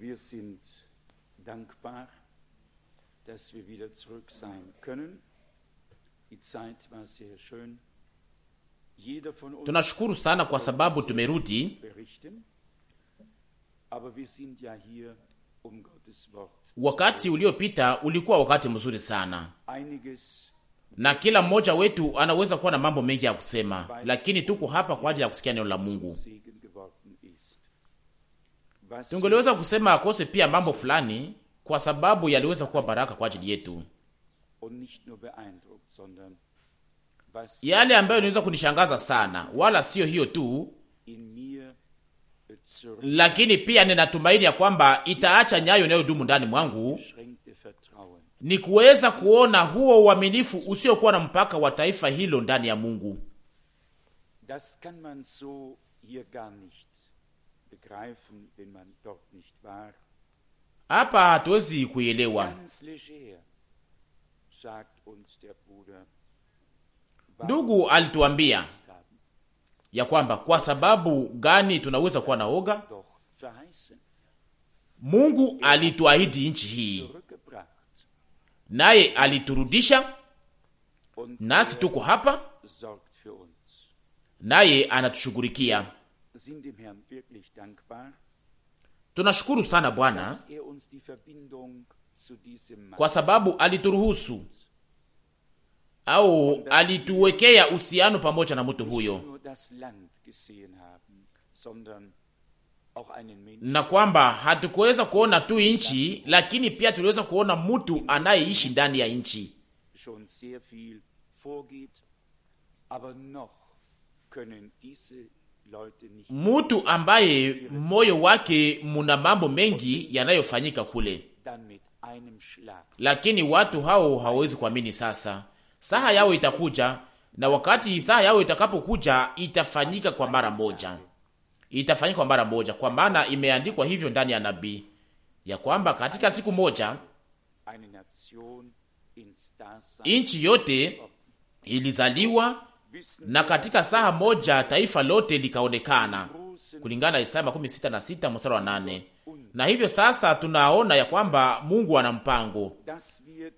Wir sind dankbar, dass wir wieder zurück sein können. Die Zeit war sehr schön. Jeder von uns Tunashukuru sana kwa sababu tumerudi. Aber wir sind ja hier um Gottes Wort. Wakati uliopita ulikuwa wakati mzuri sana. Einiges na kila mmoja wetu anaweza kuwa na mambo mengi ya kusema, lakini tuko hapa kwa ajili ya kusikia neno la Mungu tungeliweza kusema akose pia mambo fulani, kwa sababu yaliweza kuwa baraka kwa ajili yetu. Yale ambayo inaweza kunishangaza sana, wala siyo hiyo tu, lakini pia ninatumaini ya kwamba itaacha nyayo inayodumu ndani mwangu ni kuweza kuona huo uaminifu usiokuwa na mpaka wa taifa hilo ndani ya Mungu. Das kann man so hier gar nicht hapa hatuwezi kuelewa. Ndugu alituambia ya kwamba kwa sababu gani tunaweza kuwa naoga? Mungu er alituahidi nchi hii, naye aliturudisha, nasi er tuko hapa, naye anatushughulikia. Tunashukuru sana Bwana er kwa sababu alituruhusu au alituwekea uhusiano pamoja na mtu huyo, na kwamba hatukuweza kuona tu nchi, lakini pia tuliweza kuona mtu anayeishi ndani ya nchi mutu ambaye moyo wake muna mambo mengi yanayofanyika kule, lakini watu hao hawawezi kuamini. Sasa saha yao itakuja, na wakati saha yao itakapokuja, itafanyika kwa mara moja, itafanyika kwa mara moja, kwa maana imeandikwa hivyo ndani ya nabii ya kwamba katika siku moja nchi yote ilizaliwa na katika saha moja taifa lote likaonekana, kulingana na Isaya makumi sita na sita mstari wa nane. Na hivyo sasa tunaona ya kwamba Mungu ana mpango.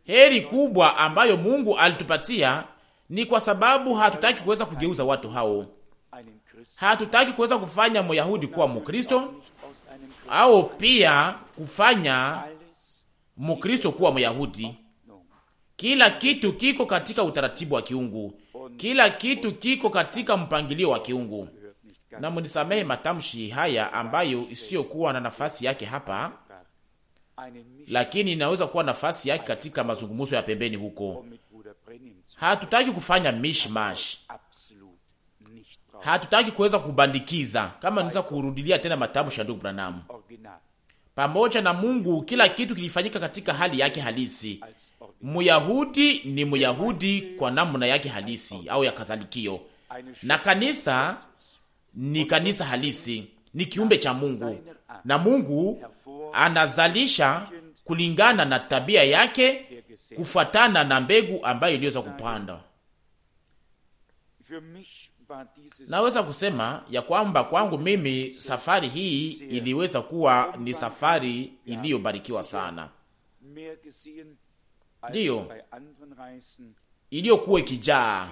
Heri kubwa ambayo Mungu alitupatia ni kwa sababu hatutaki kuweza kugeuza watu hao, hatutaki kuweza kufanya Myahudi kuwa Mkristo au pia kufanya Mkristo kuwa Myahudi. Kila kitu kiko katika utaratibu wa kiungu. Kila kitu kiko katika mpangilio wa kiungu, na mnisamehe matamshi haya ambayo isiyokuwa na nafasi yake hapa, lakini inaweza kuwa nafasi yake katika mazungumzo ya pembeni huko. Hatutaki kufanya mishmash, hatutaki kuweza kubandikiza, kama niweza kurudilia tena matamshi ya ndugu Branamu pamoja na Mungu kila kitu kilifanyika katika hali yake halisi. Muyahudi ni Muyahudi kwa namna yake halisi au ya kazalikio, na kanisa ni kanisa halisi, ni kiumbe cha Mungu, na Mungu anazalisha kulingana na tabia yake, kufuatana na mbegu ambayo iliweza kupanda. Naweza kusema ya kwamba kwangu mimi safari hii iliweza kuwa ni safari iliyobarikiwa sana, ndiyo iliyokuwa ikijaa,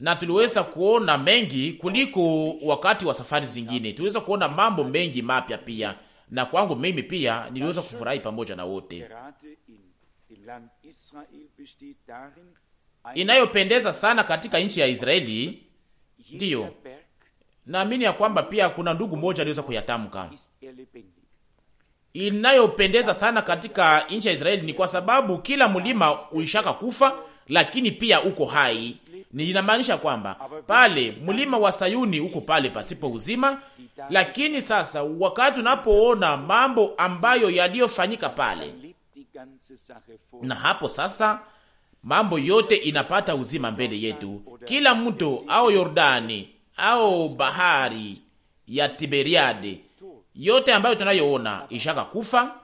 na tuliweza kuona mengi kuliko wakati wa safari zingine. Tuliweza kuona mambo mengi mapya pia, na kwangu mimi pia niliweza kufurahi pamoja na wote. Inayopendeza sana katika nchi ya Israeli Ndiyo, naamini ya kwamba pia kuna ndugu mmoja aliweza kuyatamka. Inayopendeza sana katika nchi ya Israeli ni kwa sababu kila mlima uishaka kufa, lakini pia uko hai. Ni inamaanisha kwamba pale mlima wa Sayuni uko pale pasipo uzima, lakini sasa wakati unapoona mambo ambayo yaliyofanyika pale na hapo sasa mambo yote inapata uzima mbele yetu. Kila mto au Yordani au bahari ya Tiberiade, yote ambayo tunayoona ishaka kufa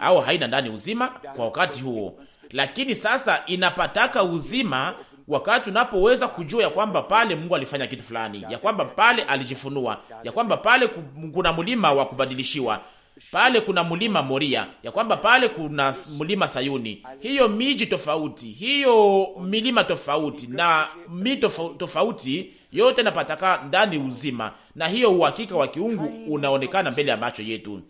au haina ndani uzima kwa wakati huo, lakini sasa inapataka uzima wakati unapoweza kujua ya kwamba pale Mungu alifanya kitu fulani, ya kwamba pale alijifunua, ya kwamba pale kuna mlima wa kubadilishiwa pale kuna mlima Moria, ya kwamba pale kuna mlima Sayuni. Hiyo miji tofauti, hiyo milima tofauti na mi tofauti, yote napataka ndani uzima, na hiyo uhakika wa kiungu unaonekana mbele ya macho yetu,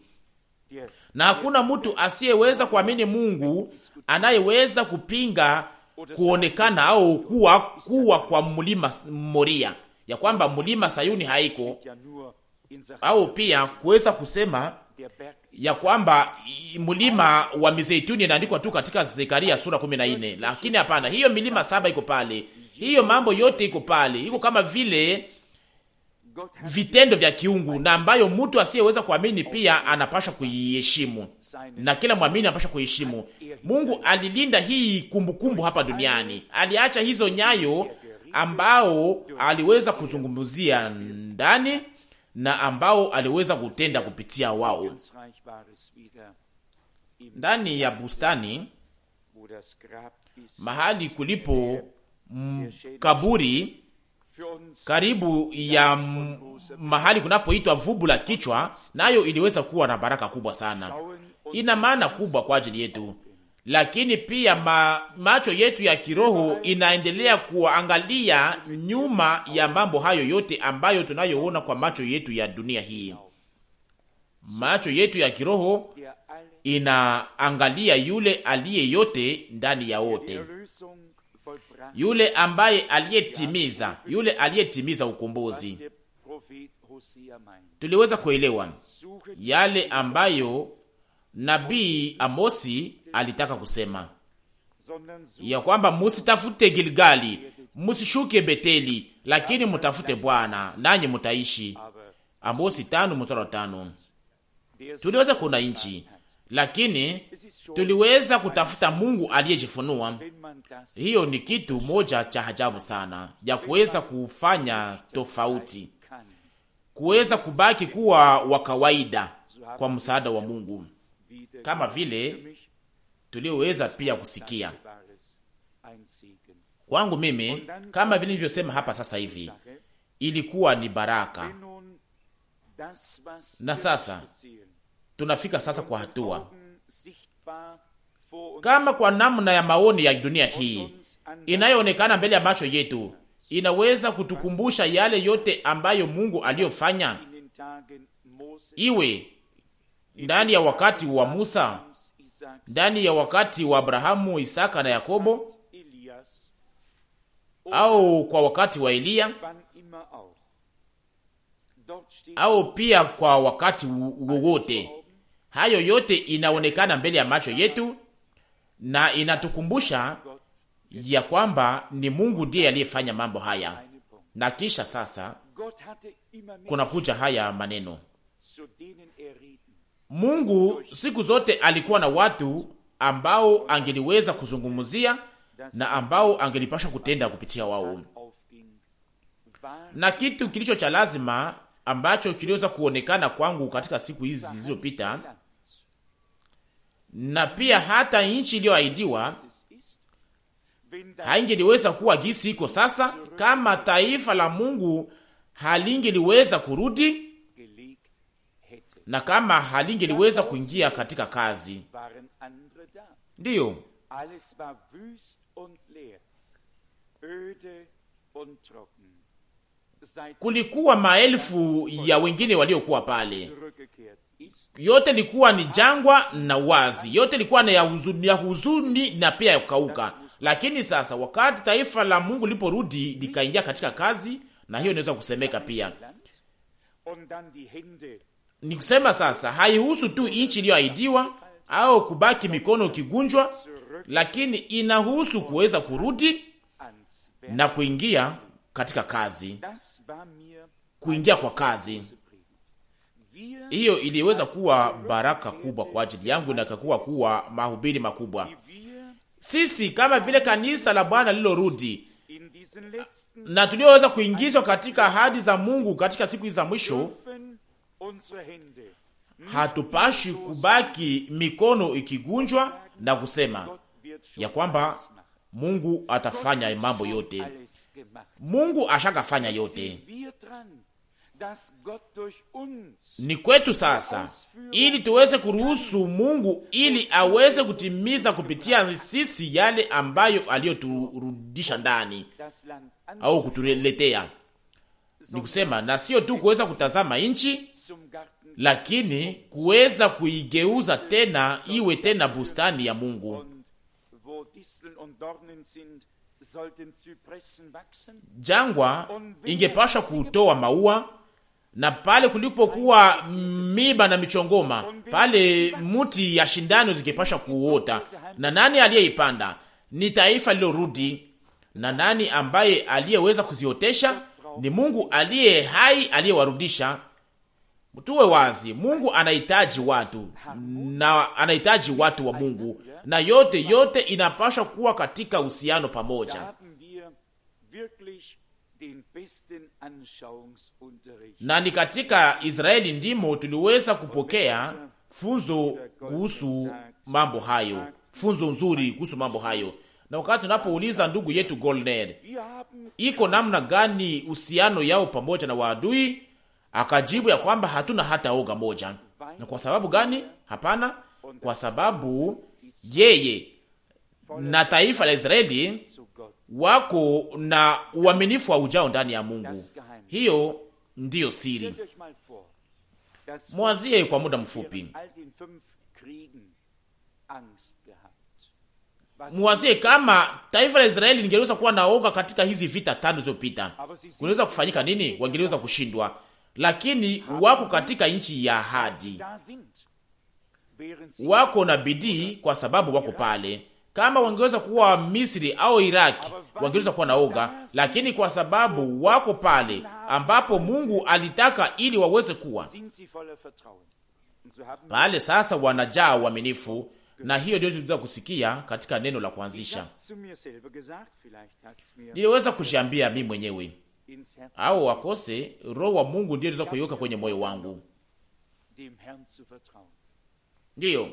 na hakuna mtu asiyeweza kuamini Mungu anayeweza kupinga kuonekana au kuwa kuwa kwa mlima Moria, ya kwamba mlima Sayuni haiko au pia kuweza kusema ya kwamba mlima wa mizeituni inaandikwa tu katika Zekaria sura 14, lakini hapana, hiyo milima saba iko pale, hiyo mambo yote iko pale, iko kama vile vitendo vya kiungu na ambayo mtu asiyeweza kuamini pia anapasha kuiheshimu, na kila mwamini anapasha kuiheshimu. Mungu alilinda hii kumbukumbu kumbu hapa duniani, aliacha hizo nyayo ambao aliweza kuzungumzia ndani na ambao aliweza kutenda kupitia wao ndani ya bustani mahali kulipo kaburi karibu ya mahali kunapoitwa vubu la kichwa, nayo iliweza kuwa na baraka kubwa sana. Ina maana kubwa kwa ajili yetu lakini pia ma, macho yetu ya kiroho inaendelea kuangalia nyuma ya mambo hayo yote ambayo tunayoona kwa macho yetu ya dunia hii. Macho yetu ya kiroho inaangalia yule aliye yote ndani ya wote, yule ambaye aliyetimiza, yule aliyetimiza ukombozi. Tuliweza kuelewa yale ambayo nabii Amosi alitaka kusema ya kwamba musitafute Gilgali, musishuke Beteli, lakini mutafute Bwana nanyi mutaishi. Amosi tano mstari wa tano. Tuliweza kuona nchi, lakini tuliweza kutafuta Mungu aliyejifunua. Hiyo ni kitu moja cha ajabu sana ya kuweza kufanya tofauti, kuweza kubaki kuwa wa kawaida kwa msaada wa Mungu kama vile tulioweza pia kusikia. Kwangu mimi, kama vile nilivyosema hapa sasa hivi, ilikuwa ni baraka. Na sasa tunafika sasa kwa hatua kama kwa namna ya maoni ya dunia hii inayoonekana mbele ya macho yetu inaweza kutukumbusha yale yote ambayo Mungu aliyofanya, iwe ndani ya wakati wa Musa, ndani ya wakati wa Abrahamu, Isaka na Yakobo, au kwa wakati wa Eliya, au pia kwa wakati wowote. Hayo yote inaonekana mbele ya macho yetu na inatukumbusha ya kwamba ni Mungu ndiye aliyefanya mambo haya. Na kisha sasa kunakuja haya maneno Mungu siku zote alikuwa na watu ambao angeliweza kuzungumzia na ambao angelipasha kutenda kupitia wao, na kitu kilicho cha lazima ambacho kiliweza kuonekana kwangu katika siku hizi zilizopita, na pia hata nchi iliyoahidiwa haingeliweza kuwa gisi iko sasa, kama taifa la Mungu halingeliweza kurudi na kama halingeliweza kuingia katika kazi. Ndiyo, kulikuwa maelfu ya wengine waliokuwa pale. Yote likuwa ni jangwa na wazi, yote likuwa ni ya huzuni, ya huzuni na pia ya kukauka. Lakini sasa wakati taifa la Mungu liporudi likaingia katika kazi, na hiyo inaweza kusemeka pia ni kusema sasa haihusu tu nchi iliyoahidiwa au kubaki mikono ukigunjwa, lakini inahusu kuweza kurudi na kuingia katika kazi, kuingia kwa kazi hiyo. Iliweza kuwa baraka kubwa kwa ajili yangu na ikakuwa kuwa mahubiri makubwa. Sisi kama vile kanisa la Bwana lilorudi na tulioweza kuingizwa katika ahadi za Mungu katika siku hizi za mwisho Hatupashi kubaki mikono ikigunjwa na kusema ya kwamba Mungu atafanya mambo yote. Mungu ashakafanya yote, ni kwetu sasa, ili tuweze kuruhusu Mungu ili aweze kutimiza kupitia sisi yale ambayo aliyoturudisha ndani au kutuletea. Ni kusema na sio tu kuweza kutazama nchi lakini kuweza kuigeuza tena iwe tena bustani ya Mungu. Jangwa ingepasha kutoa maua na pale kulipokuwa miba na michongoma, pale muti ya shindano zingepasha kuota. Na nani aliyeipanda? Ni taifa lilorudi. Na nani ambaye aliyeweza kuziotesha? Ni Mungu aliye hai aliyewarudisha Tuwe wazi, Mungu anahitaji watu na anahitaji watu wa Mungu, na yote yote inapashwa kuwa katika uhusiano pamoja, na ni katika Israeli ndimo tuliweza kupokea funzo kuhusu mambo hayo, funzo nzuri kuhusu mambo hayo. Na wakati tunapouliza ndugu yetu Golner iko namna gani uhusiano yao pamoja na waadui Akajibu ya kwamba hatuna hata oga moja. Na kwa sababu gani? Hapana, kwa sababu yeye na taifa la Israeli wako na uaminifu wa ujao ndani ya Mungu. Hiyo ndiyo siri. Mwazie kwa muda mfupi, mwazie kama taifa la Israeli lingeliweza kuwa naoga katika hizi vita tano zilizopita, kungeliweza kufanyika nini? Wangeliweza kushindwa lakini wako katika nchi ya ahadi, wako na bidii kwa sababu wako pale. Kama wangeweza kuwa Misri au Iraki wangeweza kuwa naoga, lakini kwa sababu wako pale ambapo Mungu alitaka ili waweze kuwa pale, sasa wanajaa uaminifu, na hiyo ndio tuliweza kusikia katika neno la kuanzisha. Niliweza kujiambia mimi mwenyewe au wakose, Roho wa Mungu ndiye aliweza kuiweka kwenye moyo wangu. Ndiyo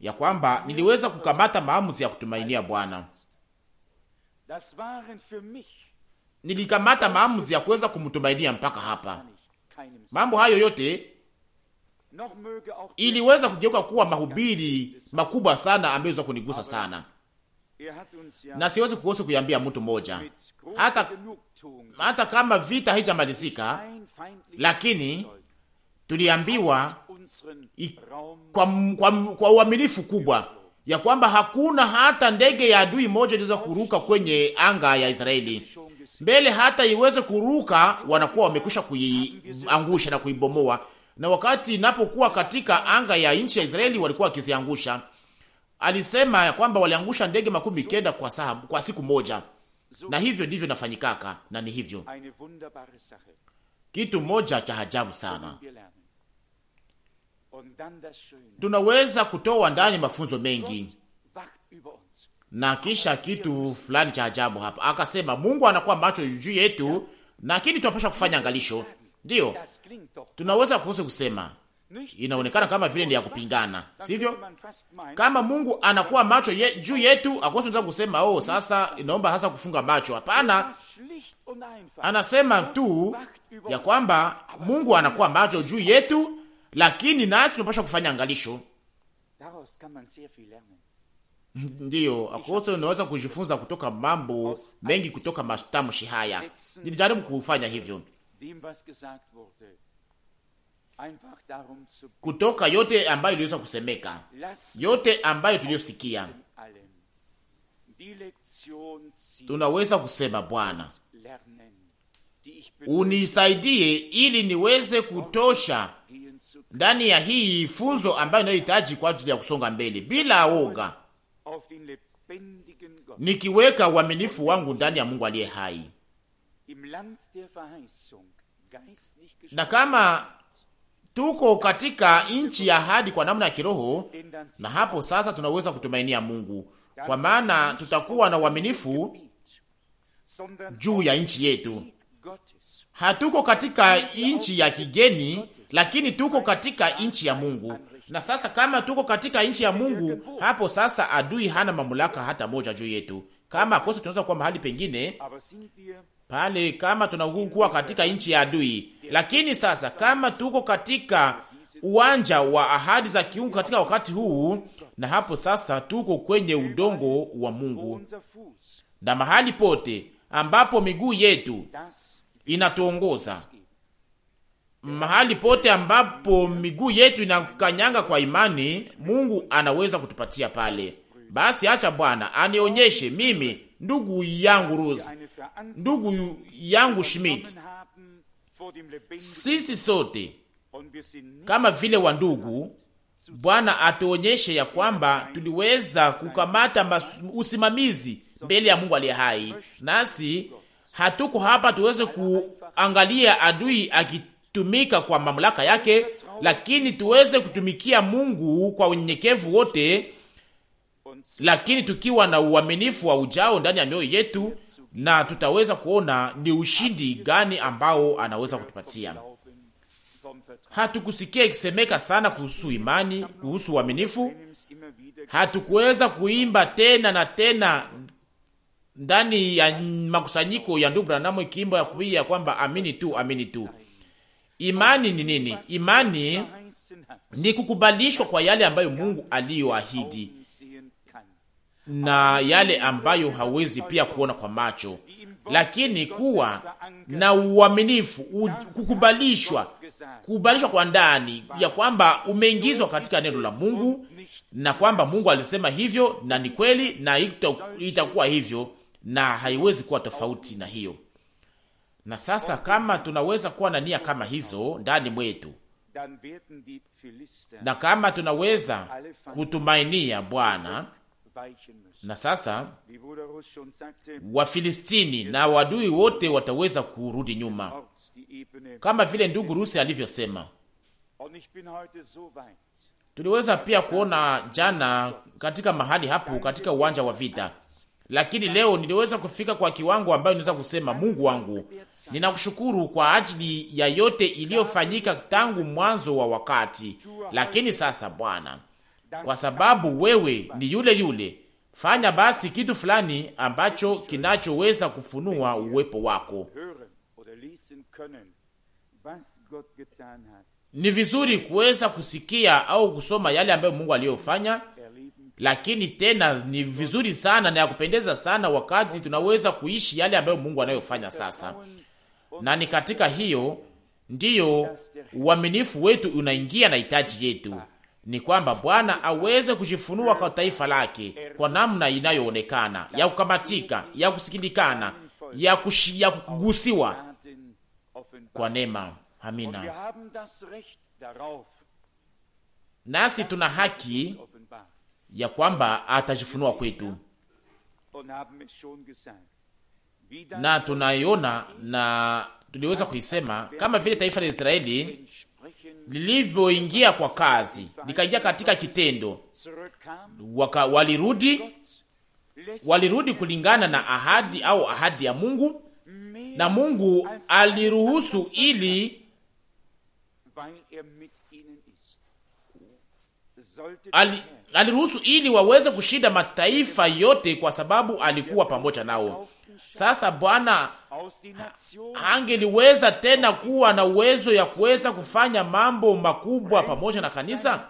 ya kwamba niliweza kukamata maamuzi ya kutumainia Bwana. Nilikamata maamuzi ya kuweza kumtumainia mpaka hapa. Mambo hayo yote iliweza kugeuka kuwa mahubiri makubwa sana ambayo iliweza kunigusa sana, er na siwezi kukosa kuiambia mtu mmoja, hata, hata kama vita haijamalizika, lakini tuliambiwa kwa, kwa, kwa uaminifu kubwa ya kwamba hakuna hata ndege ya adui moja iliweza kuruka kwenye anga ya Israeli mbele hata iweze kuruka, wanakuwa wamekwisha kuiangusha na kuibomoa. Na wakati inapokuwa katika anga ya nchi ya Israeli walikuwa wakiziangusha. Alisema ya kwamba waliangusha ndege makumi kenda kwa saa, kwa siku moja na hivyo ndivyo nafanyikaka, na ni hivyo kitu moja cha ajabu sana. Tunaweza kutoa ndani mafunzo mengi na kisha kitu fulani cha ajabu hapa, akasema Mungu anakuwa macho juu yetu, lakini tunapasha kufanya angalisho. Ndiyo tunaweza kuhusu kusema inaonekana kama vile ni ya kupingana, sivyo? Kama Mungu anakuwa macho ye, juu yetu, akosi unaweza kusema oh, sasa inaomba hasa kufunga macho. Hapana, anasema tu ya kwamba Mungu anakuwa macho juu yetu, lakini nasi unapashwa kufanya angalisho. Ndiyo, akoso unaweza kujifunza kutoka mambo mengi kutoka matamshi haya. Nilijaribu kufanya hivyo kutoka yote ambayo iliweza kusemeka, yote ambayo tuliyosikia, tunaweza kusema Bwana, unisaidie ili niweze kutosha ndani ya hii funzo ambayo inayohitaji kwa ajili ya kusonga mbele bila woga, nikiweka uaminifu wangu ndani ya Mungu aliye hai, na kama tuko katika nchi ya ahadi kwa namna ya kiroho, na hapo sasa tunaweza kutumainia Mungu, kwa maana tutakuwa na uaminifu juu ya nchi yetu. Hatuko katika nchi ya kigeni, lakini tuko katika nchi ya Mungu. Na sasa kama tuko katika nchi ya Mungu, hapo sasa adui hana mamlaka hata moja juu yetu. Kama kosa tunaweza kuwa mahali pengine pale, kama tunakuwa katika nchi ya adui. Lakini sasa kama tuko katika uwanja wa ahadi za kiungu katika wakati huu, na hapo sasa tuko kwenye udongo wa Mungu, na mahali pote ambapo miguu yetu inatuongoza mahali pote ambapo miguu yetu inakanyanga kwa imani, Mungu anaweza kutupatia pale. Basi acha Bwana anionyeshe mimi ndugu yangu Rose, ndugu yangu Schmidt, sisi sote kama vile wa ndugu. Bwana atuonyeshe ya kwamba tuliweza kukamata usimamizi mbele ya Mungu aliye hai, nasi hatuko hapa tuweze kuangalia adui akitumika kwa mamlaka yake, lakini tuweze kutumikia Mungu kwa unyenyekevu wote lakini tukiwa na uaminifu wa ujao ndani ya mioyo yetu, na tutaweza kuona ni ushindi gani ambao anaweza kutupatia. Hatukusikia ikisemeka sana kuhusu imani, kuhusu uaminifu. Hatukuweza kuimba tena na tena ndani ya makusanyiko ya ndugu Branamu ikiimba ya kuia kwamba amini tu, amini tu. Imani ni nini? Imani ni kukubalishwa kwa yale ambayo Mungu aliyoahidi na yale ambayo hawezi pia kuona kwa macho, lakini kuwa na uaminifu, kukubalishwa, kukubalishwa kwa ndani ya kwamba umeingizwa katika neno la Mungu na kwamba Mungu alisema hivyo na ni kweli, na itakuwa hivyo na haiwezi kuwa tofauti na hiyo. Na sasa kama tunaweza kuwa na nia kama hizo ndani mwetu na kama tunaweza kutumainia Bwana na sasa Wafilistini na wadui wote wataweza kurudi nyuma, kama vile ndugu Rusi alivyosema. Tuliweza pia kuona jana katika mahali hapo katika uwanja wa vita, lakini leo niliweza kufika kwa kiwango ambayo niweza kusema Mungu wangu, ninakushukuru kwa ajili ya yote iliyofanyika tangu mwanzo wa wakati. Lakini sasa Bwana kwa sababu wewe ni yule yule. Fanya basi kitu fulani ambacho kinachoweza kufunua uwepo wako. Ni vizuri kuweza kusikia au kusoma yale ambayo Mungu aliyofanya, lakini tena ni vizuri sana na ya kupendeza sana wakati tunaweza kuishi yale ambayo Mungu anayofanya sasa, na ni katika hiyo ndiyo uaminifu wetu unaingia na hitaji yetu ni kwamba Bwana aweze kujifunua kwa taifa lake kwa namna inayoonekana ya kukamatika, ya kusikilikana, ya, ya kugusiwa kwa neema. Amina. Nasi tuna haki ya kwamba atajifunua kwetu, na tunaiona na tuliweza kuisema kama vile taifa la Israeli lilivyoingia kwa kazi, likaingia katika kitendo. Waka, walirudi walirudi kulingana na ahadi au ahadi ya Mungu, na Mungu aliruhusu ili ali, aliruhusu ili waweze kushinda mataifa yote, kwa sababu alikuwa pamoja nao. Sasa Bwana angeliweza tena kuwa na uwezo ya kuweza kufanya mambo makubwa pamoja na kanisa,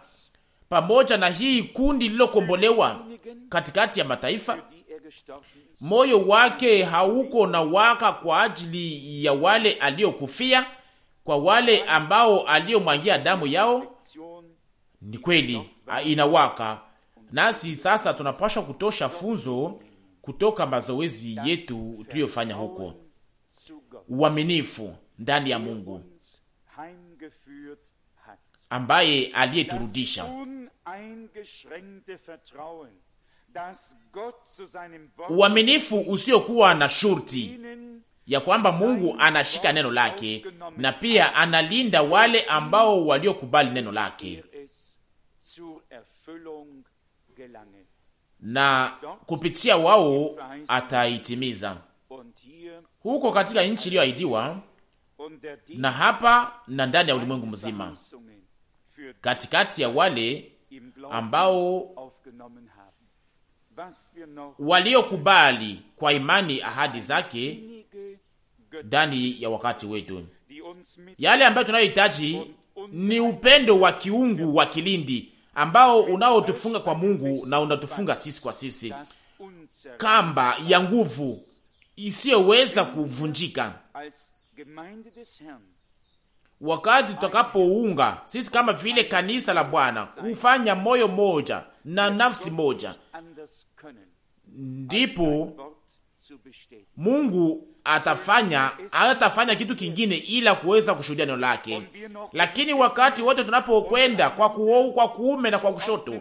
pamoja na hii kundi lililokombolewa katikati ya mataifa. Moyo wake hauko na waka kwa ajili ya wale aliokufia, kwa wale ambao aliomwangia damu yao. Ni kweli inawaka, nasi sasa tunapashwa kutosha funzo kutoka mazoezi yetu tuliyofanya huko, uaminifu ndani ya Mungu ambaye aliyeturudisha uaminifu usiokuwa na shurti ya kwamba Mungu anashika neno lake na pia analinda wale ambao waliokubali neno lake na kupitia wao ataitimiza huko katika nchi iliyoahidiwa na hapa na ndani ya ulimwengu mzima, katikati ya wale ambao waliokubali kwa imani ahadi zake ndani ya wakati wetu. Yale ambayo tunayohitaji ni upendo wa kiungu wa kilindi ambao unaotufunga kwa Mungu na unatufunga sisi kwa sisi, kamba ya nguvu isiyoweza kuvunjika. Wakati tutakapounga sisi kama vile kanisa la Bwana kufanya moyo moja na nafsi moja, ndipo Mungu atafanya atafanya kitu kingine ila kuweza kushuhudia neno lake. Lakini wakati wote tunapokwenda kwa kuou kwa kuume na kwa kushoto,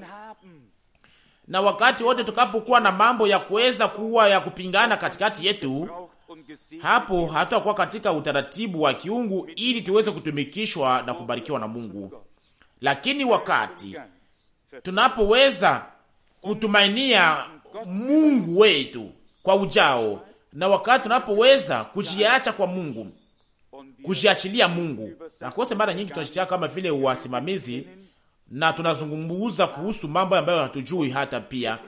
na wakati wote tukapokuwa na mambo ya kuweza kuwa ya kupingana katikati yetu, hapo hatutakuwa katika utaratibu wa kiungu ili tuweze kutumikishwa na kubarikiwa na Mungu. Lakini wakati tunapoweza kutumainia Mungu wetu kwa ujao na wakati tunapoweza kujiacha kwa Mungu, kujiachilia Mungu. Nakose mara nyingi tunashitia kama vile wasimamizi, na tunazungumza kuhusu mambo ambayo hatujui hata pia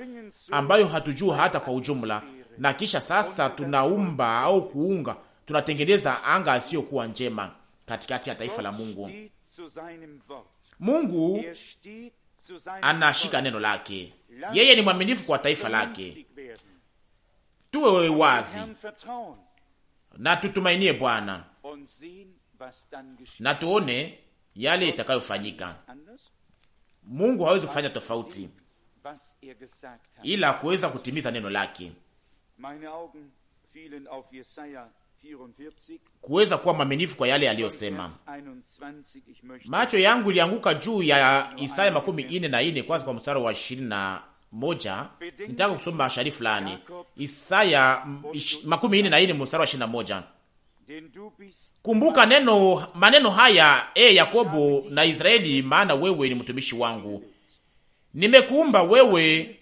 ambayo hatujui hata kwa ujumla, na kisha sasa tunaumba au kuunga, tunatengeneza anga asiyokuwa njema katikati ya taifa la Mungu. Mungu anashika neno lake, yeye ni mwaminifu kwa taifa lake tuwe wazi na tutumainie Bwana na tuone yale itakayofanyika. Mungu hawezi kufanya tofauti ila kuweza kutimiza neno lake, kuweza kuwa mwaminifu kwa yale aliyosema. Macho yangu ilianguka juu ya Isaya makumi ine na ine kwanza kwa mstari wa ishirini na moja nitaka kusoma shari fulani, Isaya makumi ine na ine mstari wa ishirini na moja. Kumbuka neno maneno haya e Yakobo na Israeli, maana wewe ni mtumishi wangu, nimekuumba wewe,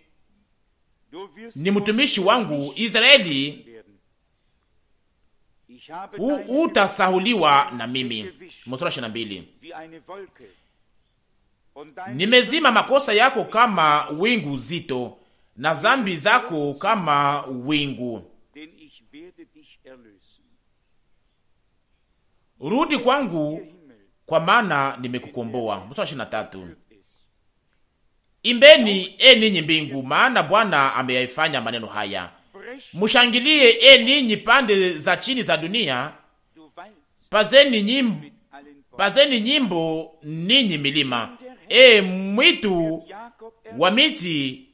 ni mtumishi wangu Israeli, utasahuliwa na mimi. Mstari wa ishirini na mbili Nimezima makosa yako kama wingu zito na zambi zako kama wingu. Rudi kwangu kwa maana nimekukomboa. Mstari wa tatu. Imbeni e ninyi mbingu, maana Bwana ameyafanya maneno haya. Mushangilie e ninyi pande za chini za dunia, pazeni nyimbo, pazeni nyimbo ninyi milima, e mwitu wa miti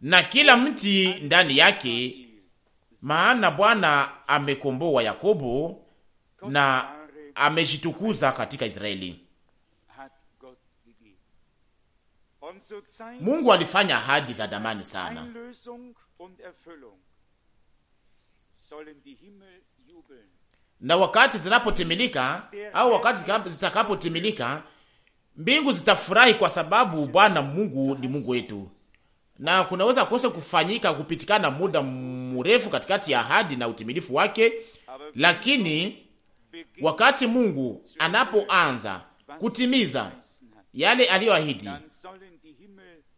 na kila mti ndani yake, maana Bwana amekomboa Yakobo na amejitukuza katika Israeli. Mungu alifanya ahadi za damani sana, na wakati zinapotimilika au wakati zitakapotimilika Mbingu zitafurahi kwa sababu Bwana Mungu ni Mungu wetu. Na kunaweza kose kufanyika kupitikana muda mrefu katikati ya ahadi na utimilifu wake, lakini wakati Mungu anapoanza kutimiza yale aliyoahidi,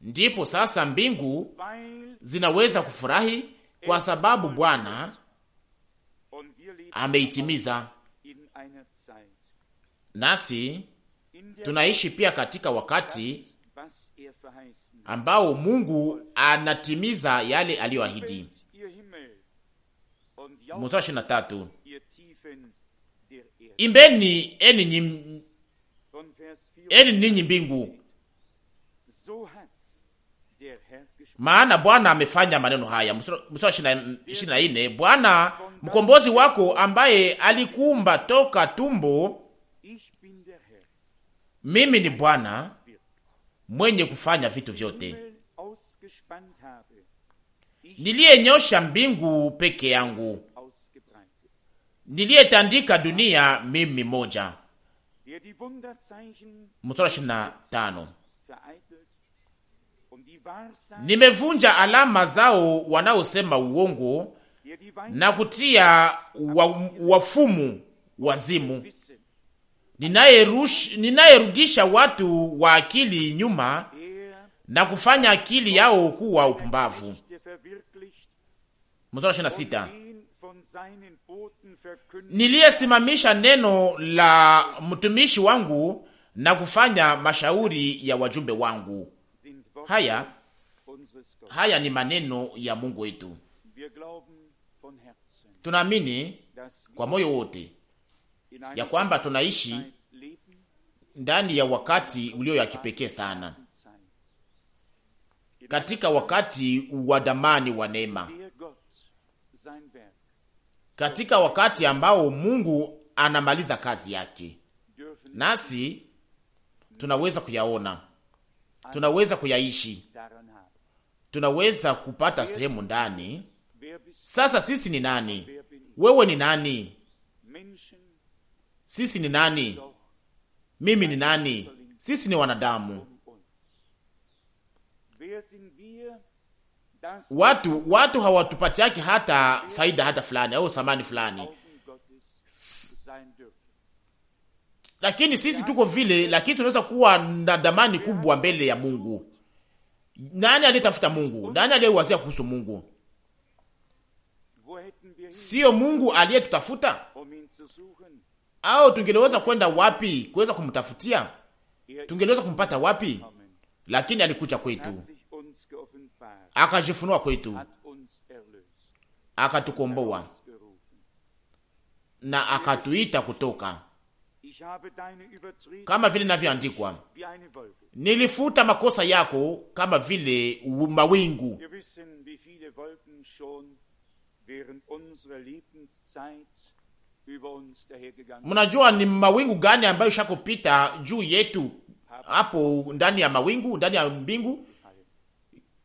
ndipo sasa mbingu zinaweza kufurahi kwa sababu Bwana ameitimiza nasi tunaishi pia katika wakati ambao Mungu anatimiza yale aliyoahidi. Mstari ishirini na tatu imbeni eni eni ninyi mbingu, maana Bwana amefanya maneno haya. Mstari ishirini na nne Bwana mkombozi wako ambaye alikuumba toka tumbo mimi ni Bwana mwenye kufanya vitu vyote, niliyenyosha mbingu peke yangu, niliyetandika dunia mimi moja. Mstari ishirini tano nimevunja alama zao wanaosema uongo na kutia wafumu wazimu ninayerudisha watu wa akili nyuma na kufanya akili yao kuwa upumbavu. Niliyesimamisha neno la mtumishi wangu na kufanya mashauri ya wajumbe wangu. Haya haya ni maneno ya Mungu wetu. Tunaamini kwa moyo wote ya kwamba tunaishi ndani ya wakati ulio ya kipekee sana, katika wakati wa damani wa neema, katika wakati ambao Mungu anamaliza kazi yake, nasi tunaweza kuyaona, tunaweza kuyaishi, tunaweza kupata sehemu ndani. Sasa sisi ni nani? Wewe ni nani? Sisi ni nani? Mimi ni nani? Sisi ni wanadamu, watu watu hawatupatiake hata faida hata fulani au samani fulani lakini sisi tuko vile, lakini tunaweza kuwa na damani kubwa mbele ya Mungu. Nani aliyetafuta Mungu? Nani aliyewazia kuhusu Mungu? Sio Mungu aliyetutafuta au tungeliweza kwenda wapi kuweza kumtafutia? Tungeliweza kumpata wapi? Lakini alikuja kwetu, akajifunua kwetu, akatukomboa na akatuita kutoka kama vile navyoandikwa, nilifuta makosa yako kama vile mawingu. Mnajua ni mawingu gani ambayo shakopita juu yetu, hapo ndani ya mawingu, ndani ya mbingu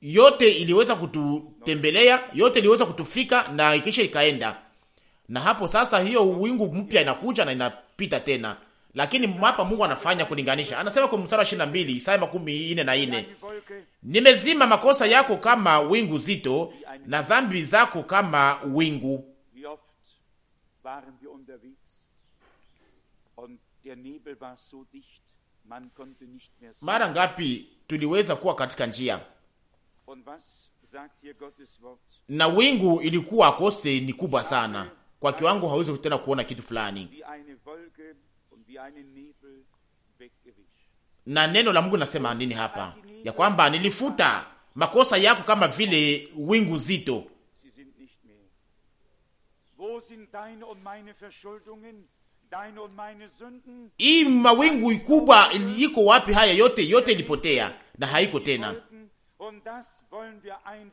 yote iliweza kututembelea, yote iliweza kutufika na ikisha ikaenda. Na hapo sasa, hiyo wingu mpya inakuja na inapita tena, lakini hapa Mungu anafanya kulinganisha. Anasema kwa mstari wa ishirini na mbili Isaya makumi nne na nne nimezima makosa yako kama wingu zito na dhambi zako kama wingu mara ngapi tuliweza kuwa katika njia na wingu ilikuwa kose ni kubwa sana kwa kiwango hawezi tena kuona kitu fulani, na neno la Mungu nasema nini hapa? Ya kwamba nilifuta makosa yako kama vile wingu zito hii mawingu ikubwa iko wapi? Haya yote yote ilipotea na haiko tena.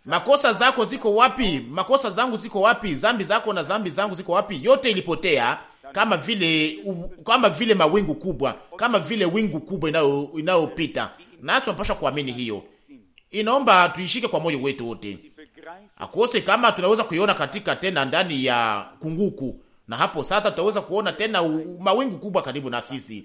Makosa zako ziko wapi? Makosa zangu ziko wapi? Zambi zako na zambi zangu ziko wapi? Yote ilipotea kama vile u, kama vile mawingu kubwa, kama vile wingu kubwa inayo inayopita. Na tunapaswa kuamini hiyo. Inaomba tuishike kwa moyo wetu wote. Akose kama tunaweza kuiona katika tena ndani ya kunguku na hapo sasa tutaweza kuona tena mawingu kubwa karibu na sisi.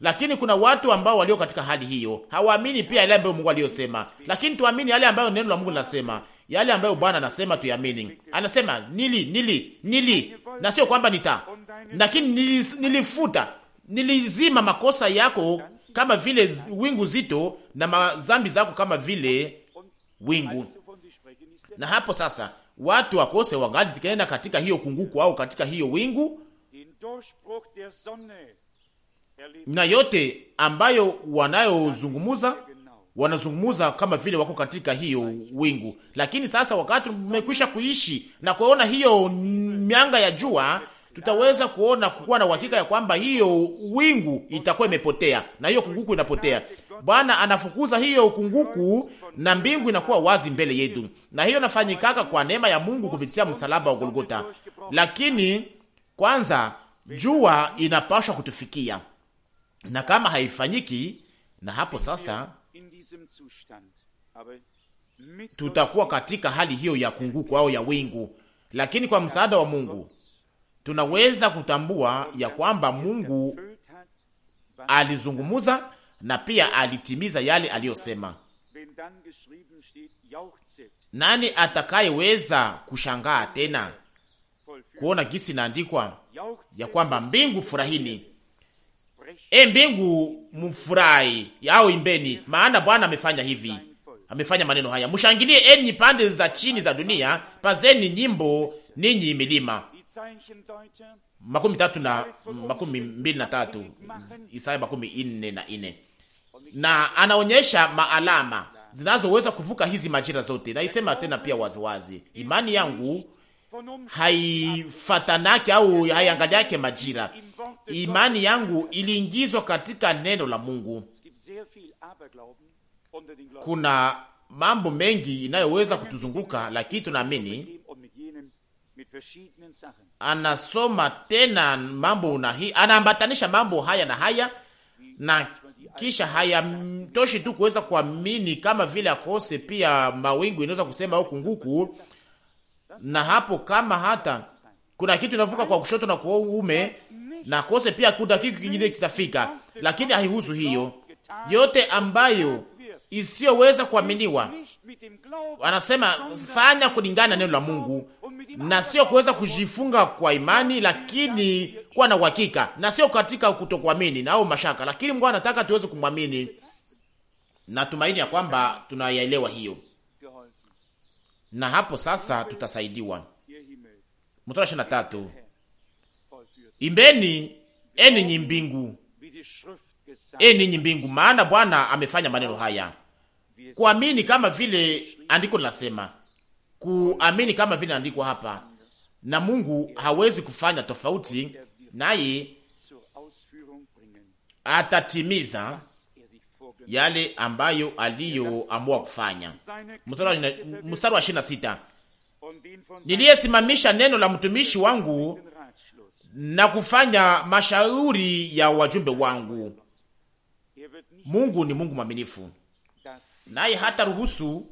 Lakini kuna watu ambao walio katika hali hiyo, hawaamini pia yale ambayo Mungu aliyosema, lakini tuamini yale ambayo neno la Mungu linasema, yale ambayo Bwana anasema tuyamini. Anasema nili nili nili, na sio kwamba nita, lakini nilifuta nilizima makosa yako kama vile wingu zito na mazambi zako kama vile wingu. Na hapo sasa watu wakose wangali tikaenda katika hiyo kunguku au katika hiyo wingu na yote ambayo wanayozungumuza wanazungumuza kama vile wako katika hiyo wingu. Lakini sasa wakati mmekwisha kuishi na kuona hiyo mianga ya jua tutaweza kuona kuwa na uhakika ya kwamba hiyo wingu itakuwa imepotea na hiyo kunguku inapotea. Bwana anafukuza hiyo kunguku na mbingu inakuwa wazi mbele yetu, na hiyo nafanyikaka kwa neema ya Mungu kupitia msalaba wa Golgota. Lakini kwanza jua inapashwa kutufikia, na kama haifanyiki, na hapo sasa tutakuwa katika hali hiyo ya kunguku au ya wingu, lakini kwa msaada wa Mungu tunaweza kutambua ya kwamba Mungu alizungumuza na pia alitimiza yale aliyosema. Nani atakayeweza kushangaa tena kuona gisi inaandikwa ya kwamba mbingu furahini, e mbingu mfurahi au imbeni, maana Bwana amefanya hivi, amefanya maneno haya, mshangilie enyi pande za chini za dunia, pazeni nyimbo ninyi milima makumi tatu na makumi mbili na tatu Isaya makumi nne na nne na anaonyesha maalama zinazoweza kuvuka hizi majira zote. Naisema tena pia waziwazi Imani yangu haifatanake au haiangaliake majira. Imani yangu iliingizwa katika neno la Mungu. Kuna mambo mengi inayoweza kutuzunguka, lakini tunaamini anasoma tena mambo na hii, anaambatanisha mambo haya na haya, na kisha hayamtoshi tu kuweza kuamini kama vile akose, pia mawingu inaweza kusema au kunguku, na hapo kama hata kuna kitu inavuka kwa kushoto na kuume na kose pia kuda kitu kingine kitafika, lakini haihusu hiyo yote ambayo isiyoweza kuaminiwa. Anasema fanya kulingana neno la Mungu, na sio kuweza kujifunga kwa imani, lakini kuwa na uhakika, na sio katika kutokuamini na au mashaka, lakini Mungu anataka tuweze kumwamini na tumaini ya kwamba tunayaelewa hiyo, na hapo sasa tutasaidiwa. Mstari ishirini na tatu: Imbeni eni nyi mbingu, eni nyi mbingu, maana Bwana amefanya maneno haya. Kuamini kama vile andiko linasema kuamini kama vile andikwa hapa, na Mungu hawezi kufanya tofauti, naye atatimiza yale ambayo aliyoamua kufanya. Mstari wa ishirini na sita niliyesimamisha neno la mtumishi wangu na kufanya mashauri ya wajumbe wangu. Mungu ni Mungu mwaminifu, naye hata ruhusu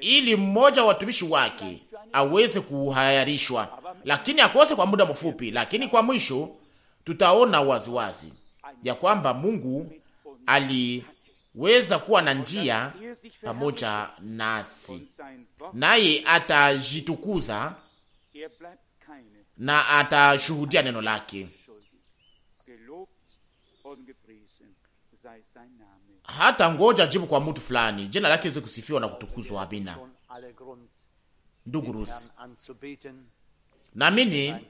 ili mmoja wa watumishi wake aweze kuhayarishwa, lakini akose kwa muda mfupi, lakini kwa mwisho tutaona waziwazi ya kwamba Mungu aliweza kuwa na njia pamoja nasi, naye atajitukuza na atashuhudia neno lake. hata ngoja jibu kwa mtu fulani, jina lake liweze kusifiwa na kutukuzwa. Amina. Ndugu Rusi, naamini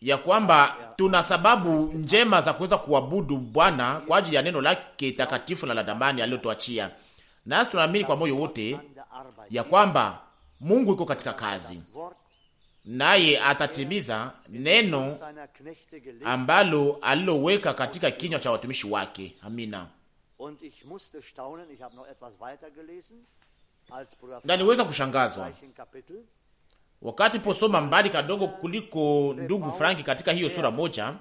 ya kwamba tuna sababu njema za kuweza kuabudu Bwana kwa ajili ya neno lake takatifu na la damani aliyotuachia nasi tunaamini kwa moyo wote ya kwamba Mungu iko katika kazi naye atatimiza neno ambalo aliloweka katika kinywa cha watumishi wake. Amina. Na niweza kushangazwa wakati posoma mbali kadogo kuliko ndugu Franki katika hiyo sura moja,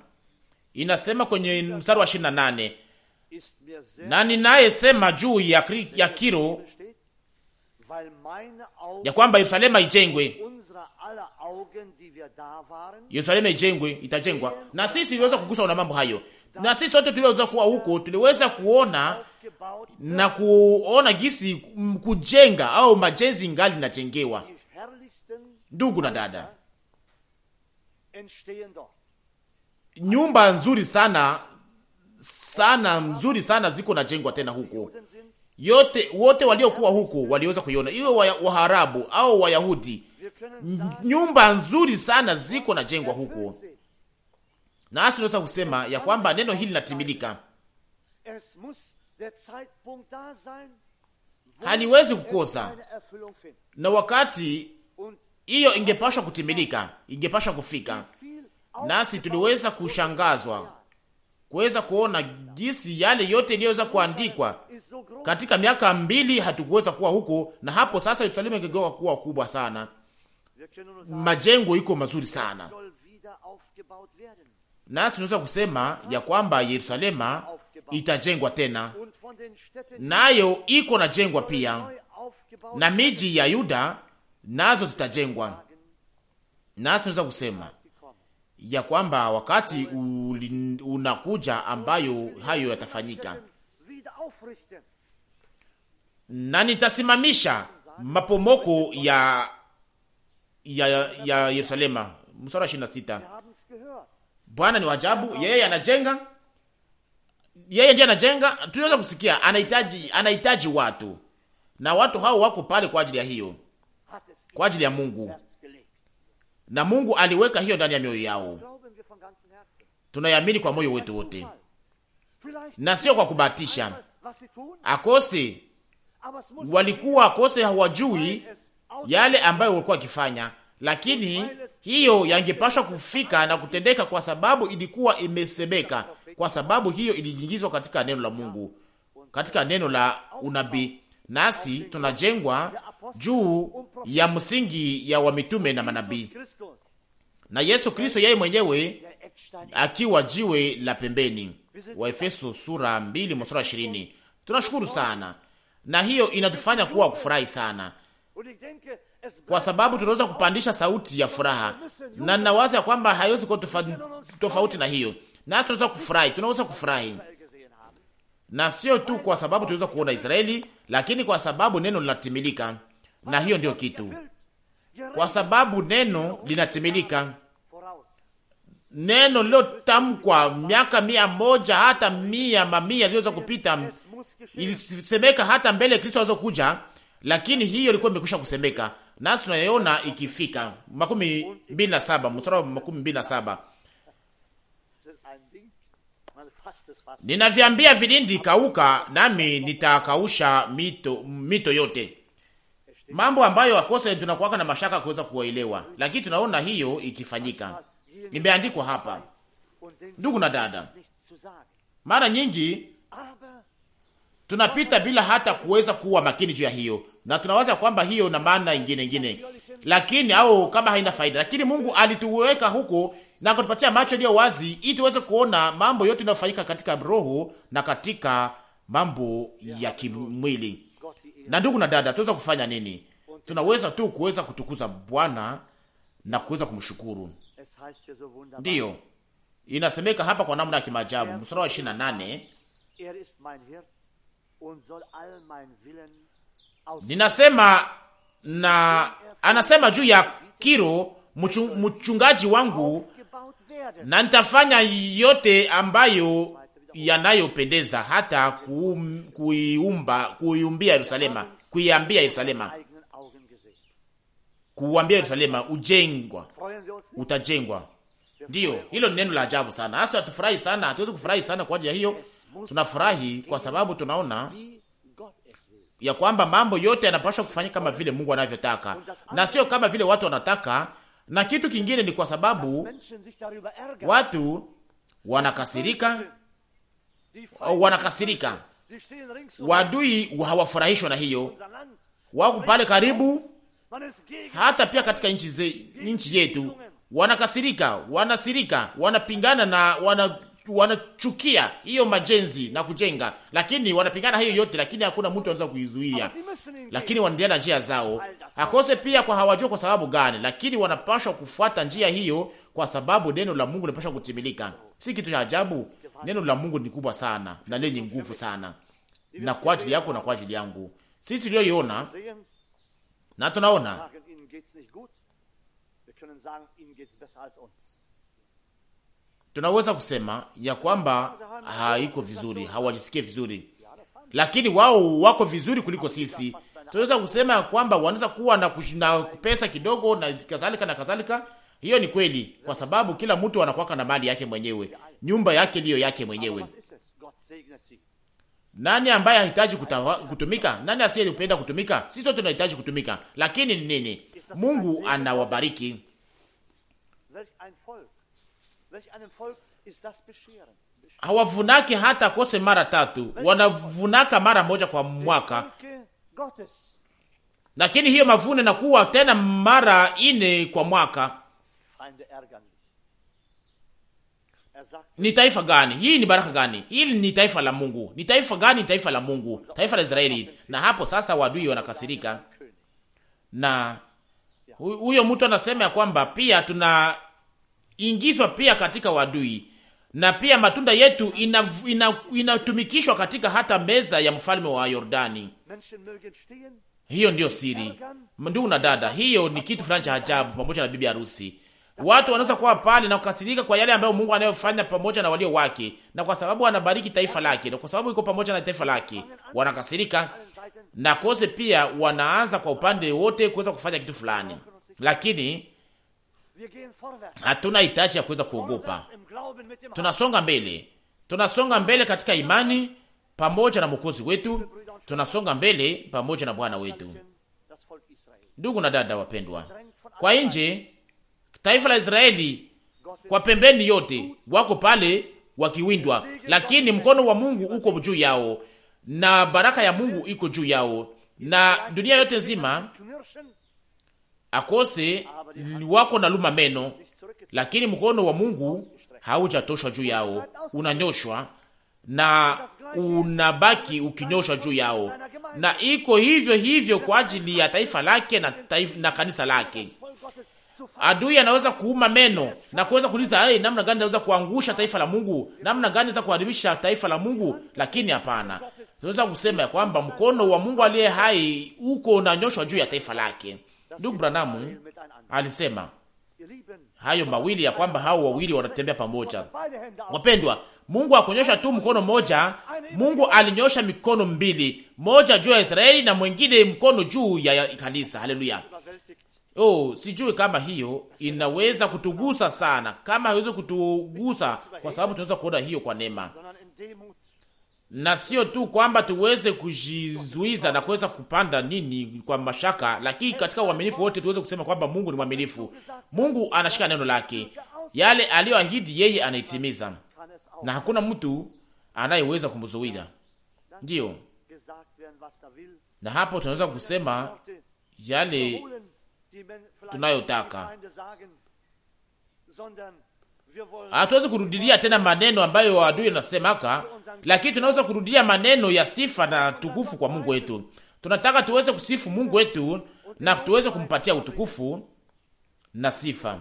inasema kwenye mstari wa 28 nani ninayesema juu ya, ya Kiro ya kwamba Yerusalema ijengwe, Yerusalema ijengwe, itajengwa. Na sisi tuliweza kuguswa na mambo hayo, na sisi wote tuliweza kuwa huko, tuliweza kuona na kuona gisi kujenga au majenzi ngali inajengewa. Ndugu na dada, nyumba nzuri sana sana nzuri sana ziko najengwa tena huko, yote wote waliokuwa huko waliweza kuiona, iwe Waharabu au Wayahudi. Nyumba nzuri sana ziko na jengwa huko, nasi tunaweza kusema ya kwamba neno hili linatimilika, haliwezi kukosa, na wakati hiyo ingepashwa kutimilika, ingepashwa kufika, nasi tuliweza kushangazwa kuweza kuona jinsi yale yote iliyoweza kuandikwa katika miaka mbili hatukuweza kuwa huko, na hapo sasa Yerusalemu ingegeuka kuwa kubwa sana, majengo iko mazuri sana, nasi tunaweza kusema ya kwamba Yerusalema itajengwa tena, nayo iko najengwa pia, na miji ya Yuda nazo zitajengwa. Nasi tunaweza kusema ya kwamba wakati unakuja ambayo hayo yatafanyika na nitasimamisha mapomoko ya ya, ya, ya Yerusalema. Msura 26. Bwana ni wajabu, yeye anajenga, yeye ndiye anajenga. Tunaweza kusikia anahitaji, anahitaji watu na watu hao wako pale kwa ajili ya hiyo, kwa ajili ya Mungu, na Mungu aliweka hiyo ndani ya mioyo yao. Tunayamini kwa moyo wetu wote na sio kwa kubatisha Akose walikuwa kose hawajui yale ambayo walikuwa wakifanya, lakini hiyo yangepashwa kufika na kutendeka kwa sababu ilikuwa imesemeka, kwa sababu hiyo iliingizwa katika neno la Mungu, katika neno la unabii, nasi tunajengwa juu ya msingi ya wamitume na manabii na Yesu Kristo yeye mwenyewe akiwa jiwe la pembeni. Waefeso sura 2 mstari 20. Tunashukuru sana na hiyo inatufanya kuwa kufurahi sana, kwa sababu tunaweza kupandisha sauti ya furaha, na ninawaza ya kwamba haiwezi kuwa tofauti na hiyo, na tunaweza kufurahi, tunaweza kufurahi na sio tu kwa sababu tunaweza kuona Israeli, lakini kwa sababu neno linatimilika, na hiyo ndio kitu, kwa sababu neno linatimilika, neno lilotamkwa miaka mia moja hata mia mamia ziliweza kupita ilisemeka hata mbele Kristo kuja, lakini hiyo ilikuwa imekwisha kusemeka, nasi tunaiona ikifika. makumi mbili na saba mstari wa makumi mbili na saba ninavyambia vilindi kauka, nami nitakausha mito, mito yote. Mambo ambayo akose tunakuwaka na mashaka kuweza kuelewa, lakini tunaona hiyo ikifanyika, imeandikwa hapa. Ndugu na dada, mara nyingi tunapita bila hata kuweza kuwa makini juu ya hiyo, na tunawaza kwamba hiyo na maana ingine ingine, lakini au kama haina faida. Lakini Mungu alituweka huko na kutupatia macho iliyo wazi, ili tuweze kuona mambo yote yanayofanyika katika roho na katika mambo ya kimwili. Na ndugu na dada, tuweza kufanya nini? Tunaweza tu kuweza kutukuza Bwana na kuweza kumshukuru. Ndiyo inasemeka hapa kwa namna ya kimaajabu, mstari wa 28 Ninasema na anasema juu ya Kiro, mchungaji wangu, na nitafanya yote ambayo yanayopendeza hata kuiumba kuiumbia Yerusalema, kuiambia Yerusalema, kuambia Yerusalema ujengwa, utajengwa. Ndiyo, hilo ni neno la ajabu sana, hasa tufurahi sana, hatuwezi kufurahi sana kwa ajili ya hiyo, tunafurahi kwa sababu tunaona ya kwamba mambo yote yanapaswa kufanyika kama vile Mungu anavyotaka na sio kama vile watu wanataka. Na kitu kingine ni kwa sababu watu wanakasirika, wanakasirika, wadui hawafurahishwa na hiyo, wako pale karibu, hata pia katika nchi yetu wanakasirika, wanasirika, wanapingana na wana wanachukia hiyo majenzi na kujenga, lakini wanapingana hiyo yote, lakini hakuna mtu anaweza kuizuia, lakini wanaendelea na njia zao. Akose pia kwa hawajua kwa sababu gani, lakini wanapashwa kufuata njia hiyo, kwa sababu neno la Mungu linapashwa kutimilika. Si kitu cha ajabu, neno la Mungu ni kubwa sana na lenye nguvu sana, na kwa ajili yako na kwa ajili yangu. Sisi tulioiona na tunaona tunaweza kusema ya kwamba haiko vizuri, hawajisikie vizuri, lakini wao wako vizuri kuliko sisi. Tunaweza kusema ya kwamba wanaweza kuwa na, na pesa kidogo na kadhalika na kadhalika. Hiyo ni kweli, kwa sababu kila mtu anakuwa na mali yake mwenyewe, nyumba yake ndiyo yake mwenyewe. Nani ambaye hahitaji kutumika? Nani asiyependa kutumika? Sisi sote tunahitaji kutumika, lakini ni nini? Mungu anawabariki hawavunake hata kose mara tatu, wanavunaka mara moja kwa mwaka, lakini hiyo mavuno inakuwa tena mara ine kwa mwaka. Er ni taifa gani hii? Ni baraka gani hii? Ni taifa la Mungu. Ni taifa gani? Ni taifa la Mungu, taifa la Israeli. Na hapo sasa wadui wanakasirika, na huyo mtu anasema ya kwamba pia tuna ingizwa pia katika wadui, na pia matunda yetu inatumikishwa ina, ina katika hata meza ya mfalme wa Yordani. Hiyo ndiyo siri, ndugu na dada. Hiyo ni kitu fulani cha ajabu pamoja na bibi harusi. Watu wanaweza kuwa pale na kukasirika kwa yale ambayo Mungu anayofanya pamoja na walio wake, na kwa sababu anabariki taifa lake, na kwa sababu iko pamoja na taifa lake wanakasirika na kose, pia wanaanza kwa upande wote kuweza kufanya kitu fulani, lakini Hatuna hitaji ya kuweza kuogopa, tunasonga mbele, tunasonga mbele katika imani pamoja na mwokozi wetu, tunasonga mbele pamoja na Bwana wetu. Ndugu na dada wapendwa, kwa nje taifa la Israeli kwa pembeni yote wako pale wakiwindwa, lakini mkono wa Mungu uko juu yao na baraka ya Mungu iko juu yao, na dunia yote nzima akose wako na luma meno, lakini mkono wa Mungu haujatoshwa juu yao, unanyoshwa na unabaki ukinyoshwa juu yao, na iko hivyo hivyo kwa ajili ya taifa lake na, taifa, na kanisa lake. Adui anaweza kuuma meno na kuweza kuuliza hey, namna gani naweza kuangusha taifa la Mungu, namna gani naweza kuharibisha taifa la Mungu, lakini hapana, tunaweza kusema ya kwamba mkono wa Mungu aliye hai uko unanyoshwa juu ya taifa lake Ndugu Branamu alisema hayo mawili ya kwamba hao wawili wanatembea pamoja. Wapendwa, Mungu akunyosha tu mkono moja, Mungu alinyosha mikono mbili, moja juu ya Israeli na mwingine mkono juu ya kanisa. Haleluya! Oh, sijui kama hiyo inaweza kutugusa sana, kama haiwezi kutugusa, kwa sababu tunaweza kuona hiyo kwa neema, na sio tu kwamba tuweze kujizuiza na kuweza kupanda nini kwa mashaka, lakini katika uaminifu wote tuweze kusema kwamba Mungu ni mwaminifu. Mungu anashika neno lake, yale aliyoahidi yeye anaitimiza, na hakuna mtu anayeweza kumzuia. Ndiyo, na hapo tunaweza kusema yale tunayotaka Hatuwezi kurudilia tena maneno ambayo adui anasemaka, lakini tunaweza kurudilia maneno ya sifa na tukufu kwa Mungu wetu. Tunataka tuweze kusifu Mungu wetu na tuweze kumpatia utukufu na sifa,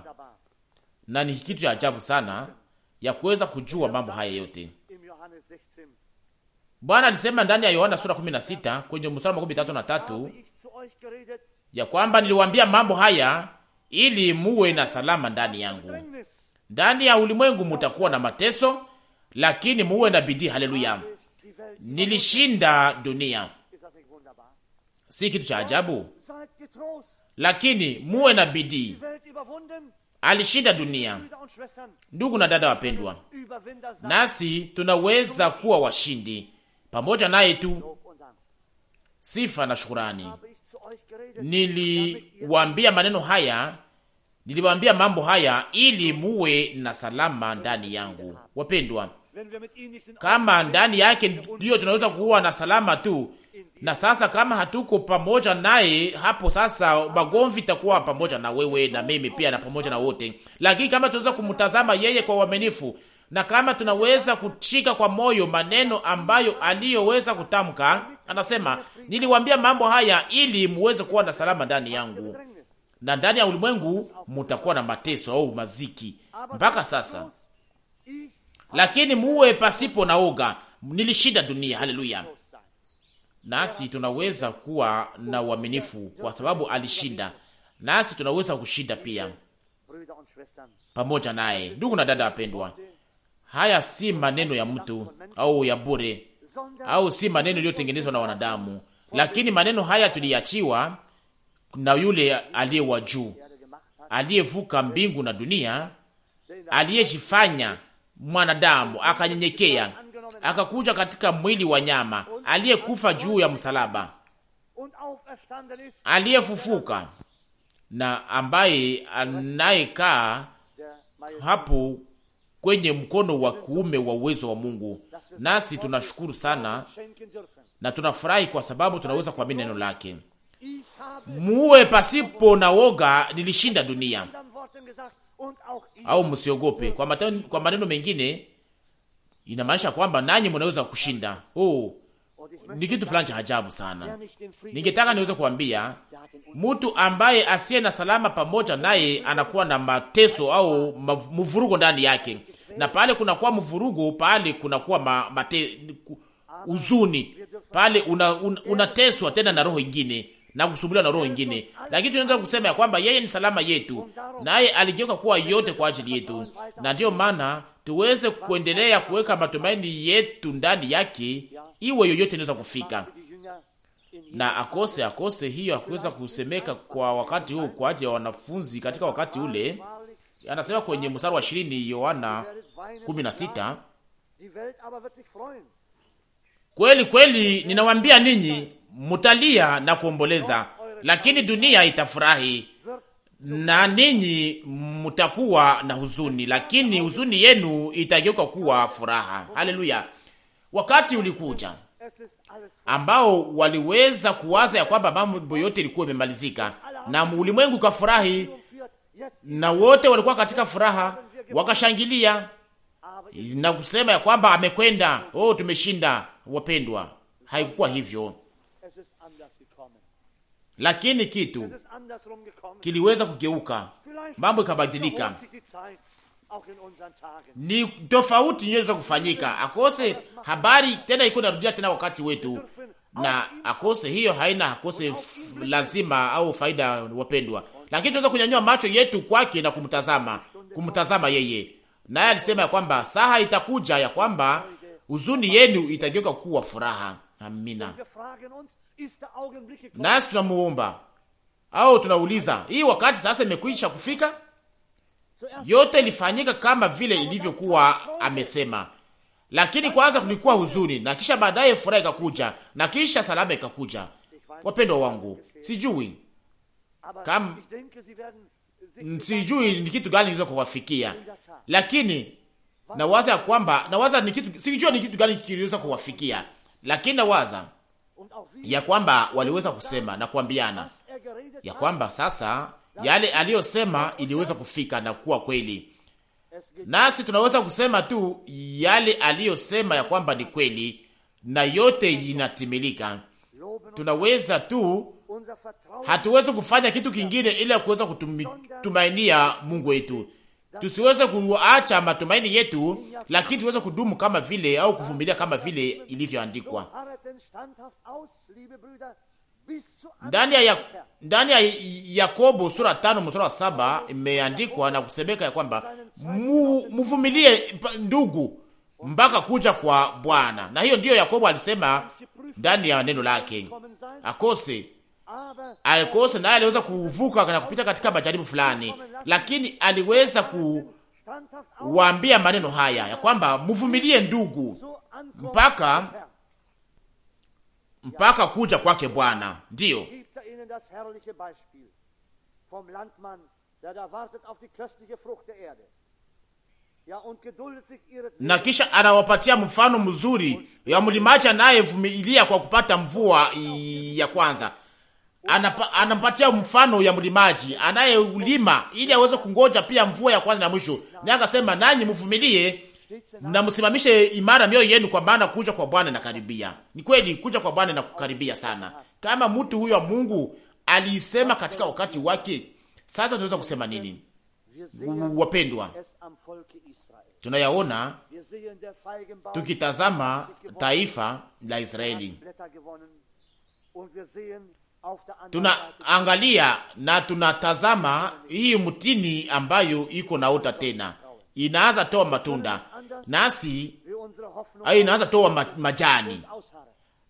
na ni kitu cha ajabu sana ya kuweza kujua mambo haya yote. Bwana alisema ndani ya Yohana sura 16 kwenye mstari wa 13 na 3 ya kwamba niliwaambia mambo haya ili muwe na salama ndani yangu. Ndani ya ulimwengu mutakuwa na mateso, lakini muwe na bidii. Haleluya! Nilishinda dunia, si kitu cha ajabu, lakini muwe na bidii. Alishinda dunia. Ndugu na dada wapendwa, nasi tunaweza kuwa washindi pamoja naye tu. Sifa na shukurani. niliwambia maneno haya Niliwaambia mambo haya ili muwe na salama ndani yangu. Wapendwa, kama ndani yake ndiyo tunaweza kuwa na salama tu. Na sasa kama hatuko pamoja naye, hapo sasa magomvi itakuwa pamoja na wewe na mimi pia na pamoja na wote, lakini kama tunaweza kumtazama yeye kwa uaminifu na kama tunaweza kushika kwa moyo maneno ambayo aliyoweza kutamka, anasema niliwaambia mambo haya ili muweze kuwa na salama ndani yangu na ndani ya ulimwengu mutakuwa na mateso au maziki mpaka sasa, lakini muwe pasipo na oga, nilishinda dunia. Haleluya! Nasi tunaweza kuwa na uaminifu kwa sababu alishinda, nasi tunaweza kushinda pia pamoja naye. Ndugu na dada wapendwa, haya si maneno ya mtu au ya bure, au si maneno iliyotengenezwa na wanadamu, lakini maneno haya tuliachiwa na yule aliye wa juu, aliyevuka mbingu na dunia, aliyejifanya mwanadamu akanyenyekea, akakuja katika mwili wa nyama, aliyekufa juu ya msalaba, aliyefufuka na ambaye anayekaa hapo kwenye mkono wa kuume wa uwezo wa Mungu. Nasi tunashukuru sana na tunafurahi kwa sababu tunaweza kuamini neno lake muwe pasipo na woga, nilishinda dunia. Au msiogope. Kwa kwa maneno mengine inamaanisha kwamba nanyi mnaweza kushinda. Oh, ni kitu fulani cha ajabu sana. Ningetaka niweze kuambia mtu ambaye asiye na salama pamoja naye anakuwa na mateso au mvurugo ndani yake, na pale kunakuwa mvurugo, pale kunakuwa ma, mate, uzuni pale unateswa una, una tena na roho ingine na kusumbuliwa na roho ingine, lakini tunaweza kusema ya kwamba yeye ni salama yetu, naye aligeuka kuwa yote kwa ajili yetu, na ndiyo maana tuweze kuendelea kuweka matumaini yetu ndani yake, iwe yoyote inaweza kufika na akose akose, hiyo akuweza kusemeka kwa wakati huu kwa ajili ya wanafunzi katika wakati ule. Anasema kwenye mstari wa ishirini Yohana kumi na sita kweli kweli ninawambia ninyi mutalia na kuomboleza, lakini dunia itafurahi na ninyi mutakuwa na huzuni, lakini huzuni yenu itageuka kuwa furaha. Haleluya! Wakati ulikuja ambao waliweza kuwaza ya kwamba mambo yote ilikuwa imemalizika na ulimwengu ukafurahi, na wote walikuwa katika furaha, wakashangilia na kusema ya kwamba amekwenda, oh, tumeshinda. Wapendwa, haikukuwa hivyo lakini kitu kiliweza kugeuka, mambo ikabadilika. Ni tofauti nyeweza kufanyika, akose habari tena iko narudia tena wakati wetu, na akose hiyo haina akose lazima au faida, wapendwa, lakini tunaweza kunyanyua macho yetu kwake na kumtazama, kumtazama yeye, naye alisema ya kwamba saha itakuja ya kwamba huzuni yenu itageuka kuwa furaha. Amina nasi tunamuomba au tunauliza, hii wakati sasa imekwisha kufika? Yote ilifanyika kama vile ilivyokuwa amesema, lakini kwanza kulikuwa huzuni, na kisha baadaye furaha ikakuja, na kisha salama ikakuja. Wapendwa wangu, sijui kama sijui ni kitu gani kiliweza kuwafikia, lakini nawaza ya kwamba nawaza ni kitu, sijui ni kitu gani kiliweza kuwafikia, lakini nawaza ya kwamba waliweza kusema na kuambiana ya kwamba sasa yale aliyosema iliweza kufika na kuwa kweli, nasi tunaweza kusema tu yale aliyosema ya kwamba ni kweli na yote inatimilika. Tunaweza tu, hatuwezi kufanya kitu kingine ila kuweza kutumainia Mungu wetu tusiweze kuacha matumaini yetu, lakini tuweze kudumu kama vile au kuvumilia kama vile ilivyoandikwa ndani ya ndani ya Yakobo sura tano mstari wa saba imeandikwa na kusemeka ya kwamba muvumilie ndugu mpaka kuja kwa Bwana, na hiyo ndiyo Yakobo alisema ndani ya neno lake akose alikosa naye aliweza kuvuka na kupita katika majaribu fulani, lakini aliweza kuwaambia maneno haya ya kwamba mvumilie ndugu, mpaka mpaka kuja kwake Bwana. Ndiyo na kisha anawapatia mfano mzuri ya mlimaji anayevumilia kwa kupata mvua ya kwanza anampatia mfano ya mlimaji anayeulima ili aweze kungoja pia mvua ya kwanza na mwisho, naye akasema, nanyi mvumilie na msimamishe imara mioyo yenu, kwa maana kuja kwa Bwana inakaribia. Ni kweli kuja kwa Bwana inakukaribia sana, kama mtu huyo wa Mungu aliisema katika wakati wake. Sasa tunaweza kusema nini, wapendwa? Tunayaona tukitazama taifa la Israeli tunaangalia na tunatazama hii mtini ambayo iko naota tena, inaanza toa matunda nasi ai inaanza toa majani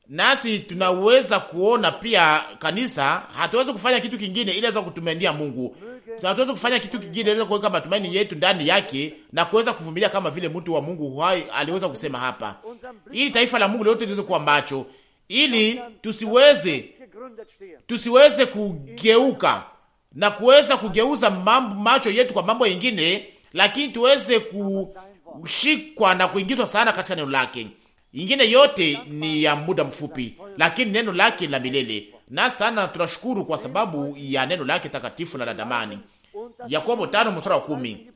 nasi tunaweza kuona pia kanisa. Hatuwezi kufanya kitu kingine ili aweza kutumainia Mungu, hatuwezi kufanya kitu kingine ili kuweka matumaini yetu ndani yake na kuweza kuvumilia, kama vile mtu wa Mungu hai aliweza kusema hapa, ili taifa la Mungu lote liweze kuwa macho, ili tusiweze tusiweze kugeuka na kuweza kugeuza mambo, macho yetu kwa mambo yengine, lakini tuweze kushikwa na kuingizwa sana katika neno lake. Ingine yote ni ya muda mfupi, lakini neno lake la milele. Na sana tunashukuru kwa sababu ya neno lake takatifu na la damani. Yakobo tano mstari wa kumi.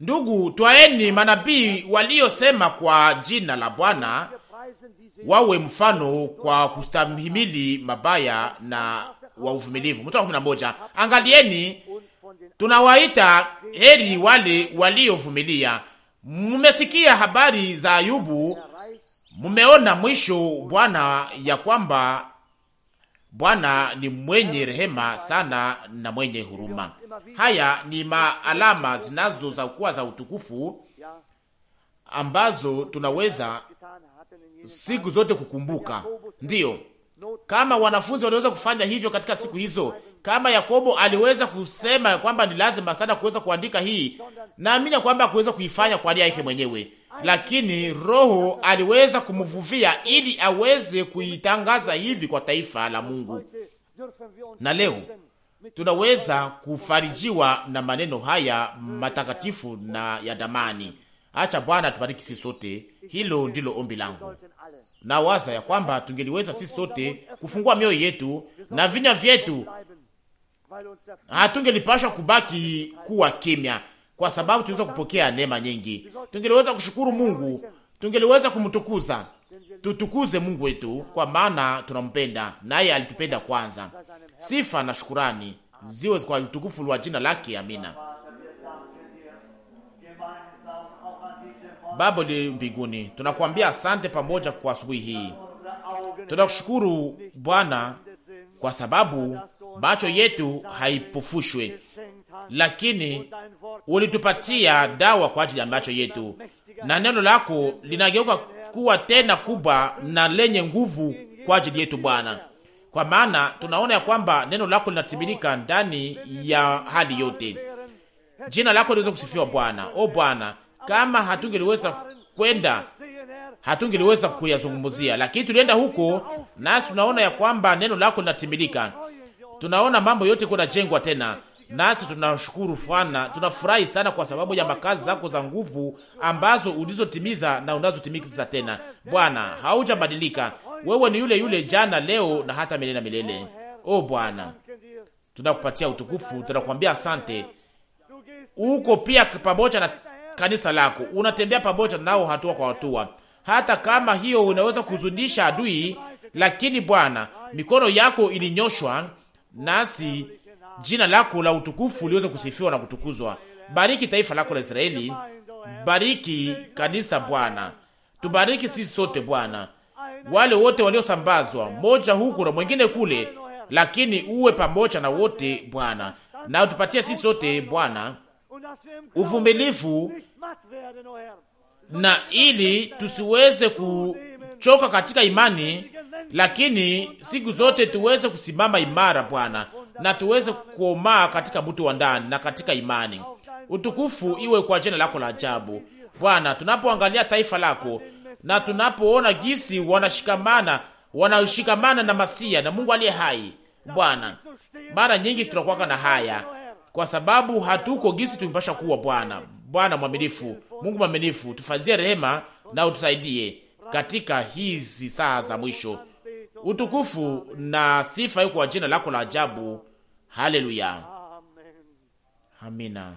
Ndugu, twaeni manabii waliosema kwa jina la Bwana wawe mfano kwa kustahimili mabaya na wa uvumilivu. Mstari kumi na moja, angalieni tunawaita heri wale waliovumilia. Mmesikia habari za Ayubu, mmeona mwisho Bwana ya kwamba Bwana ni mwenye rehema sana na mwenye huruma. Haya ni maalama zinazo za kuwa za utukufu ambazo tunaweza siku zote kukumbuka. Ndiyo, kama wanafunzi waliweza kufanya hivyo katika siku hizo, kama Yakobo aliweza kusema kwamba ni lazima sana kuweza kuandika hii, naamini kwamba kuweza kuifanya kwa nia yake mwenyewe, lakini Roho aliweza kumvuvia ili aweze kuitangaza hivi kwa taifa la Mungu. Na leo tunaweza kufarijiwa na maneno haya matakatifu na ya damani Acha Bwana atubariki sisi sote. Hilo ndilo ombi langu na waza ya kwamba tungeliweza sisi sote kufungua mioyo yetu na vinywa vyetu. Hatungelipashwa kubaki kuwa kimya, kwa sababu tuliweza kupokea neema nyingi. Tungeliweza kushukuru Mungu, tungeliweza kumtukuza. Tutukuze Mungu wetu, kwa maana tunampenda naye alitupenda kwanza. Sifa na shukurani ziwe kwa utukufu wa jina lake. Amina. Baba li mbinguni, tunakuambia asante pamoja kwa asubuhi hii. Tunakushukuru Bwana kwa sababu macho yetu haipofushwe, lakini ulitupatia dawa kwa ajili ya macho yetu, na neno lako linageuka kuwa tena kubwa na lenye nguvu kwa ajili yetu Bwana, kwa maana tunaona ya kwamba neno lako linatimilika ndani ya hali yote. Jina lako liweze kusifiwa Bwana. O Bwana, kama hatungeliweza kwenda, hatungeliweza kuyazungumzia, lakini tulienda huko, nasi tunaona ya kwamba neno lako linatimilika. Tunaona mambo yote kunajengwa tena, nasi tunashukuru sana, tunafurahi sana kwa sababu ya makazi zako za nguvu ambazo ulizotimiza na unazotimiza tena. Bwana, haujabadilika wewe, ni yule yule jana, leo na hata milele na milele. O Bwana, tunakupatia utukufu, tunakuambia asante. Uko pia pamoja na kanisa lako, unatembea pamoja nao hatua kwa hatua, hata kama hiyo unaweza kuzundisha adui. Lakini Bwana, mikono yako ilinyoshwa nasi, jina lako la utukufu liweze kusifiwa na kutukuzwa. Bariki taifa lako la Israeli, bariki kanisa Bwana, tubariki sisi sote Bwana, wale wote waliosambazwa moja huku na mwingine kule, lakini uwe pamoja na wote Bwana, na utupatie sisi sote Bwana uvumilivu na ili tusiweze kuchoka katika imani, lakini siku zote tuweze kusimama imara, Bwana, na tuweze kukomaa katika mtu wa ndani na katika imani. Utukufu iwe kwa jina lako la ajabu Bwana. Tunapoangalia taifa lako na tunapoona gisi wanashikamana wanashikamana na Masia na Mungu aliye hai Bwana, mara nyingi tunakuwaka na haya kwa sababu hatuko gisi tumepasha kuwa. Bwana Bwana mwaminifu, Mungu mwaminifu, tufanzie rehema na utusaidie katika hizi saa za mwisho. Utukufu na sifa yuko kwa jina lako la ajabu. Haleluya, amina.